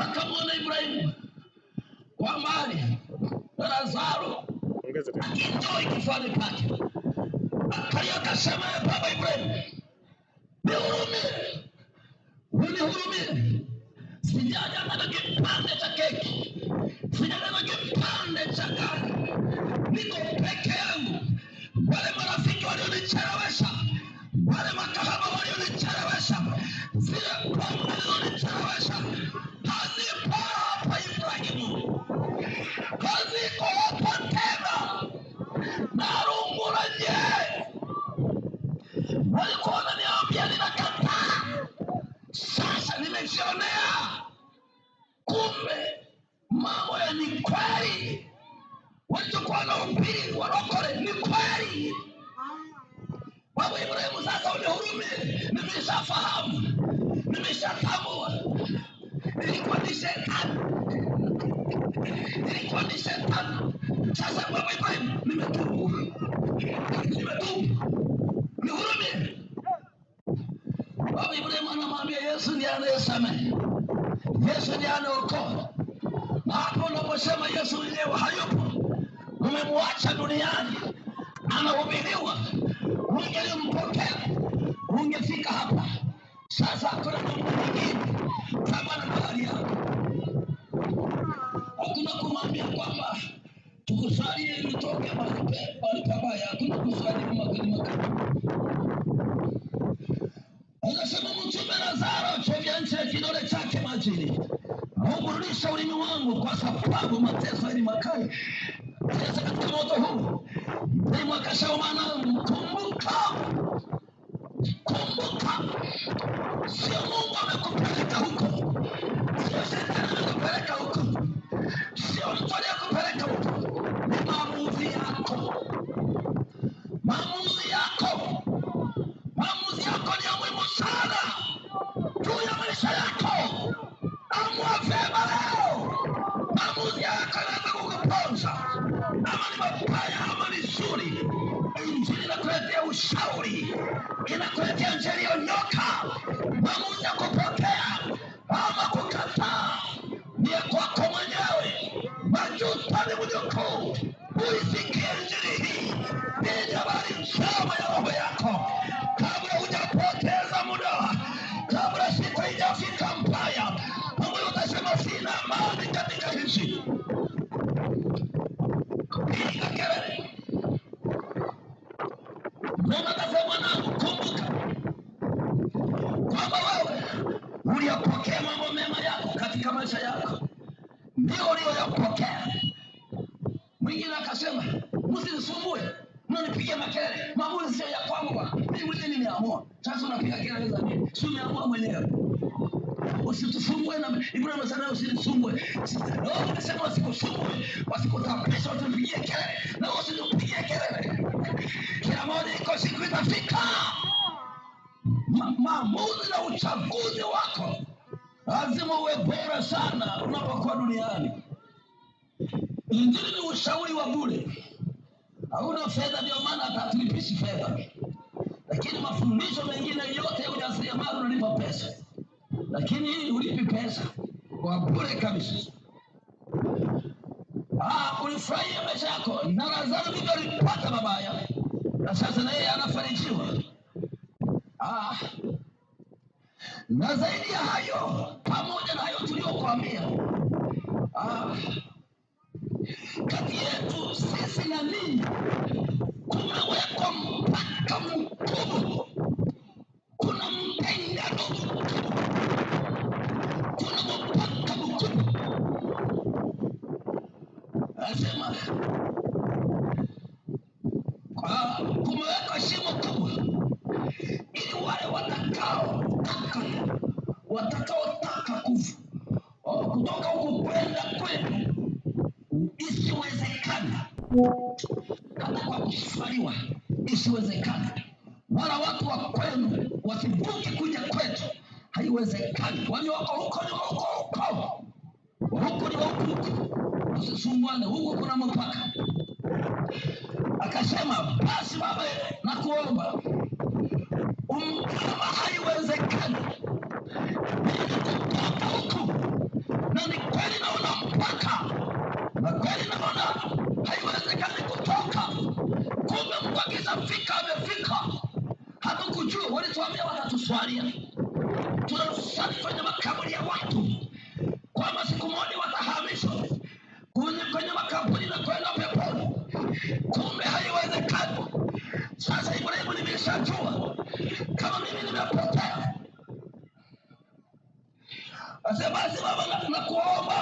akamwona Ibrahimu kwa mbali na Lazaro akitoa kifani pake, akalia akasema, ya ee baba Ibrahimu, nihurumie, unihurumie, sijaja na kipande cha keki, sijaja na kipande cha gari, niko kurokore ni kweli watu na upili warokore ni kweli baba ibrahimu sasa unihurume nimeshafahamu nimeshatambua ilikuwa ni shetani ilikuwa ni shetani sasa baba ibrahimu nimetubu nimetubu nihurumie baba ibrahimu anamwambia yesu ndiye anayesamehe yesu ndiye anaokoa alivyosema Yesu mwenyewe hayupo, umemwacha duniani, anahubiriwa. Ungelimpokea ungefika hapa sasa. Hakuna mambo mengine kama na mahali yako, hakuna kumwambia kwamba tukusalie ili utoke mahali pabaya. Hakuna kusalia makalimakali anasema mtume Lazaro chovya ncha ya kidole chake majini Rudisha ulimi wangu, kwa sababu mateso ni makali, mateso katika moto huu ni mwakashao maana inakuletea ushauri, inakuletea njia iliyonyoka. Maamuzi kupokea ama kukataa ni kwako mwenyewe. Majuto ni mjukuu, uisi wake akilala dhambi, sio yako mwenyewe. Usitusumbue na Ibrahim sana, usinisumbue. Naomba nasema usikusumbue, wasikutapesa, usipigie kelele na usinipigie kelele. Kila moja iko siku itafika, maamuzi na uchaguzi wako lazima uwe bora sana unapokuwa duniani. Injili ni ushauri wa bure. Hauna fedha, ndio maana atatulipishi fedha lakini mafundisho mengine yote ya ujasiriamali unalipa pesa, lakini hii ulipi pesa, kwa bure kabisa. Ah, ulifurahia maisha yako na Lazaro vile alipata mabaya, na sasa na yeye anafarijiwa. Ah, na zaidi ya hayo, pamoja na hayo tuliyokuambia, ah, kati yetu sisi na ninyi kutoka huku kwenda kwenu isiwezekana, kama kwa kuswaliwa isiwezekana, wala watu wa kwenu wathubuti kuja kwetu, haiwezekani. Kwani wako huko ni huko huko, huku ni huku huku, usisumbuane, huku kuna mpaka. Akasema, basi Baba, nakuomba umkama, haiwezekani kutoka huku na ni kweli naona mpaka na kweli naona haiwezekani kutoka. Kumbe Mungu akishafika amefika, hatukujua. Walituambia watatuswalia, tunasali kwenye makaburi ya watu kwamba siku moja watahamishwa kwenye makaburi na kwenda peponi. Kumbe haiwezekani. Sasa Ibrahimu, nimeshajua kama mimi nimepotea asebasi basi baba nakuomba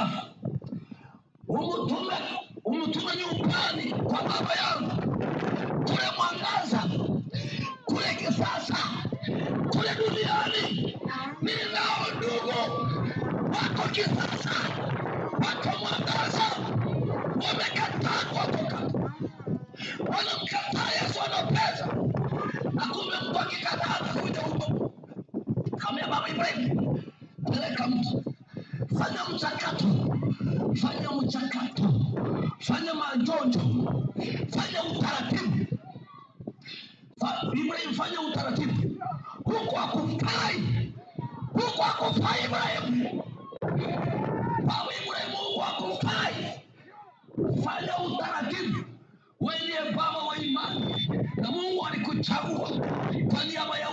umutume umutume nyumbani kwa baba yangu kule mwangaza kule kisasa kule duniani ninao ndugu wako kisasa wako mwangaza wamekataa kuokoka wanamkataa mchakato, fanya mchakato, fanya majonjo, fanya utaratibu. Ibrahim, fanya utaratibu. Huku akufai, huku akufai Ibrahim, kwa Ibrahim huku akufai, Fanya utaratibu. wenye baba wa imani na Mungu alikuchagua kwa niaba ya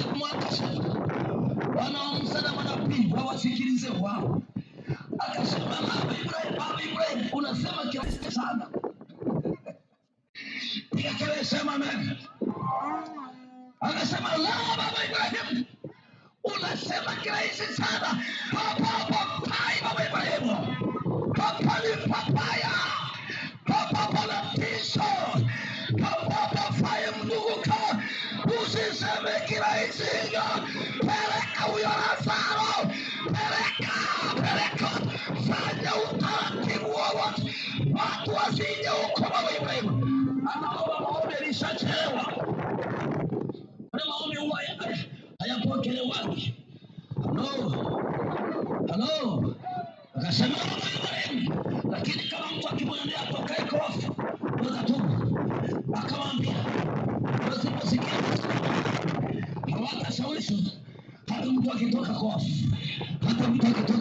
akamwacha, wanaomsana wanapigwa, wasikilize wao. Akasema baba Ibrahim, baba Ibrahim, unasema kiasi sana. Piga kelele, sema amen. Akasema la, baba Ibrahim, unasema kirahisi sana hapa Halo? Akasema marehemu, lakini kama mtu akimwendea atokee kofu wakatubu, akawaambia wasiposikia hawatashawishi hata mtu akitoka kofu, hata mtu akitoka